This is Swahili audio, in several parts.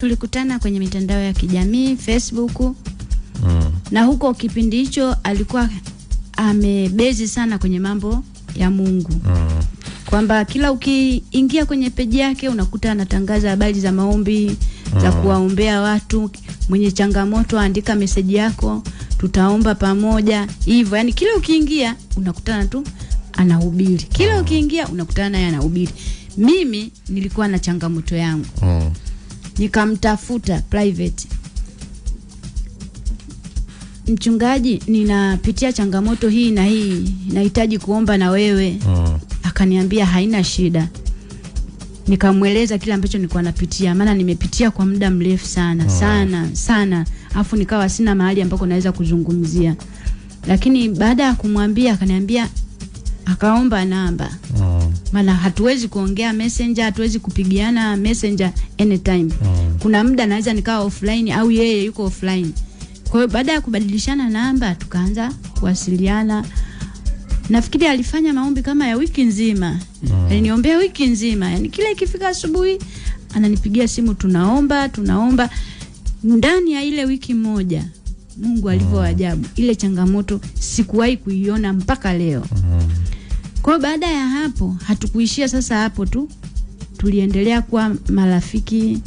Tulikutana kwenye mitandao ya kijamii Facebook mm. na huko kipindi hicho alikuwa amebezi sana kwenye mambo ya Mungu mm. kwamba kila ukiingia kwenye peji yake unakuta anatangaza habari za maombi mm. za kuwaombea watu, mwenye changamoto andika meseji yako, tutaomba pamoja hivyo. Yani kila ukiingia unakutana tu anahubiri, kila mm. ukiingia unakutana naye anahubiri. Mimi nilikuwa na changamoto yangu mm nikamtafuta private, mchungaji, ninapitia changamoto hii na hii, nahitaji kuomba na wewe mm. Akaniambia haina shida. Nikamweleza kile ambacho nilikuwa napitia, maana nimepitia kwa muda mrefu sana mm. sana sana, afu nikawa sina mahali ambako naweza kuzungumzia, lakini baada ya kumwambia akaniambia, akaomba namba mm maana hatuwezi kuongea messenger, hatuwezi kupigiana messenger anytime mm. Kuna muda naweza nikawa offline au yeye yuko offline. Kwa hiyo baada ya kubadilishana namba, tukaanza kuwasiliana. Nafikiri alifanya maombi kama ya wiki nzima mm. Aliniombea wiki nzima, yani kila ikifika asubuhi ananipigia simu, tunaomba tunaomba. Ndani ya ile wiki moja Mungu alivyo mm. ajabu, ile changamoto sikuwahi kuiona mpaka leo mm. Kwa baada ya hapo hatukuishia sasa hapo tu, tuliendelea kuwa marafiki,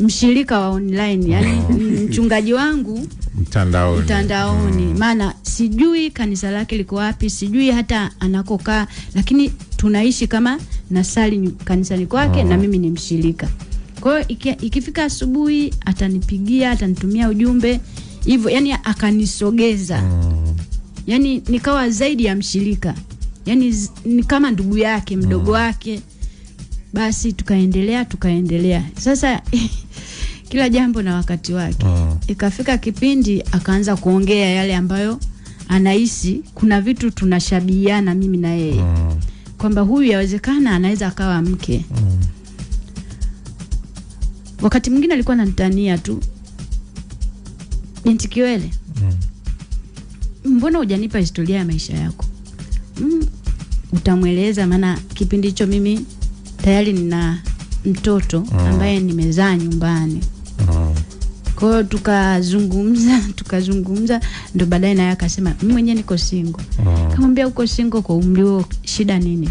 mshirika wa online yani oh. mchungaji wangu mtandaoni, mtandaoni mm. maana sijui kanisa lake liko wapi, sijui hata anakokaa, lakini tunaishi kama nasali kanisani kwake mm. na oh. mimi ni mshirika. Kwa hiyo iki, ikifika asubuhi atanipigia, atanitumia ujumbe hivyo, yani akanisogeza mm. yani nikawa zaidi ya mshirika yani ni kama ndugu yake mdogo mm. wake. Basi tukaendelea tukaendelea, sasa kila jambo na wakati wake. Mm. Ikafika kipindi akaanza kuongea yale ambayo anahisi kuna vitu tunashabihiana mimi na yeye mm. kwamba huyu yawezekana anaweza akawa mke mm. Wakati mwingine alikuwa ananitania tu, binti Kiwele mm. mbona hujanipa historia ya maisha yako mm, utamweleza, maana kipindi hicho mimi tayari nina mtoto mm. ambaye nimezaa nyumbani. Mm. Kwa hiyo tukazungumza, tukazungumza, ndo baadaye naye akasema mimi mwenyewe niko single. Mm. Kamwambia uko single kwa umri huo, shida nini?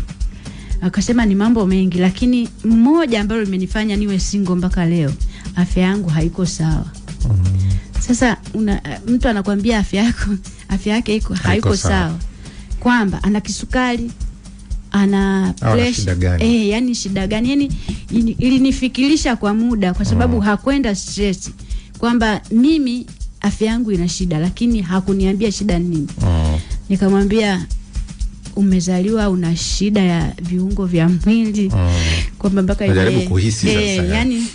Akasema ni mambo mengi, lakini mmoja ambalo limenifanya niwe single mpaka leo, afya yangu haiko sawa. Sasa una, mtu anakwambia afya yako afya yake iko haiko sawa, kwamba ana kisukari ana pressure eh, yani shida gani? Yani ilinifikirisha kwa muda, kwa sababu mm. hakwenda stress kwamba mimi afya yangu ina shida, lakini hakuniambia shida ni nini mm. nikamwambia umezaliwa una shida ya viungo vya mwili mm. kwamba mpaka ile kuhisi e, sasa yani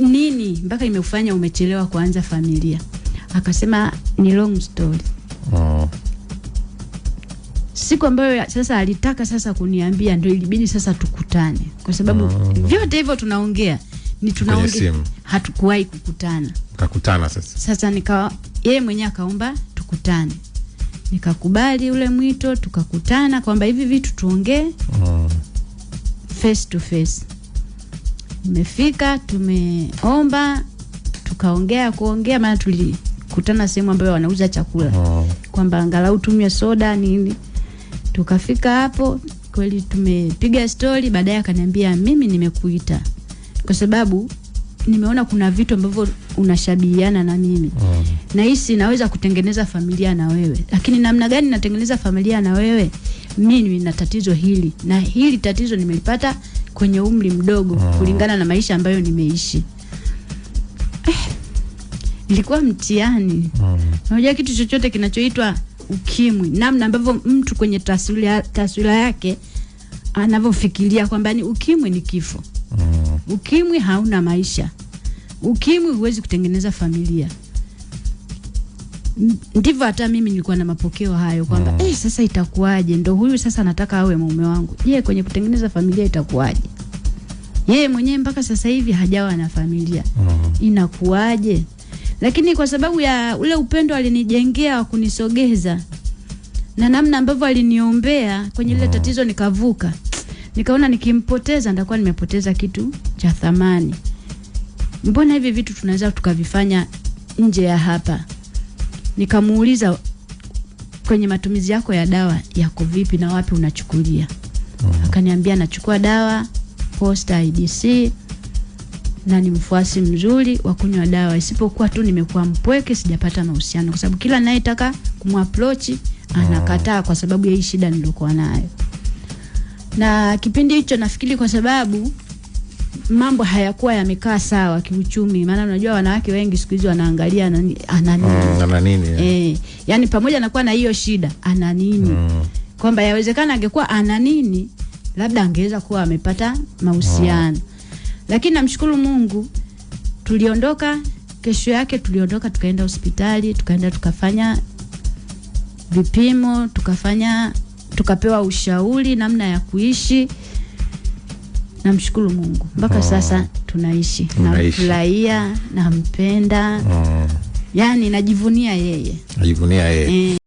nini mpaka imekufanya umechelewa kuanza familia. Akasema ni long story mm siku ambayo sasa alitaka sasa kuniambia, ndio ilibidi sasa tukutane, kwa sababu mm. vyote hivyo tunaongea ni tunaongea, hatukuwahi kukutana. Kakutana sasa, sasa nikawa yeye mwenyewe akaomba tukutane, nikakubali ule mwito, tukakutana kwamba hivi vitu tuongee mm. face to face. Umefika, tumeomba tukaongea kuongea, maana tulikutana sehemu ambayo wanauza chakula mm. kwamba angalau tumie soda nini Tukafika hapo kweli, tumepiga stori. Baadaye akaniambia mimi nimekuita kwa sababu nimeona kuna vitu ambavyo unashabihiana na mimi mm. Nahisi naweza kutengeneza familia na wewe, lakini namna gani natengeneza familia na wewe? Mimi nina tatizo hili na hili tatizo nimelipata kwenye umri mdogo mm. kulingana na maisha ambayo nimeishi eh, ilikuwa mtihani. Mm. Unajua kitu chochote kinachoitwa ukimwi, namna ambavyo mtu kwenye taswira, taswira yake anavyofikiria kwamba ni ukimwi ni kifo mm. Ukimwi hauna maisha, ukimwi huwezi kutengeneza familia. Ndivyo hata mimi nilikuwa na mapokeo hayo kwamba mm. Eh, sasa itakuwaje? Ndo huyu sasa nataka awe mume wangu. Je, kwenye kutengeneza familia itakuwaje? Yeye mwenyewe mpaka sasa hivi hajawa na familia mm. Inakuwaje? lakini kwa sababu ya ule upendo alinijengea wa kunisogeza na namna ambavyo aliniombea kwenye lile mm. tatizo nikavuka, nikaona nikimpoteza ndakuwa nimepoteza kitu cha thamani. Mbona hivi vitu tunaweza tukavifanya nje ya hapa? Nikamuuliza, kwenye matumizi yako ya dawa yako vipi na wapi unachukulia? Mm. Akaniambia, nachukua dawa Posta IDC na ni mfuasi mzuri wa kunywa dawa, isipokuwa tu nimekuwa mpweke, sijapata mahusiano, kwa sababu kila anayetaka kumapproach anakataa kwa sababu ya hii shida nilikuwa nayo. Na kipindi hicho nafikiri kwa sababu mambo hayakuwa yamekaa sawa kiuchumi, maana unajua wanawake wengi siku hizi wanaangalia ana nini, ana nini mm, ya. E, eh. eh, yani pamoja na kuwa na hiyo shida ana nini mm, kwamba yawezekana angekuwa ana nini labda angeweza kuwa amepata mahusiano mm. Lakini namshukuru Mungu tuliondoka, kesho yake tuliondoka tukaenda hospitali, tukaenda tukafanya vipimo, tukafanya tukapewa ushauri namna ya kuishi. Namshukuru Mungu mpaka oh, sasa tunaishi, namfurahia, nampenda oh. yani najivunia yeye, najivunia yeye e.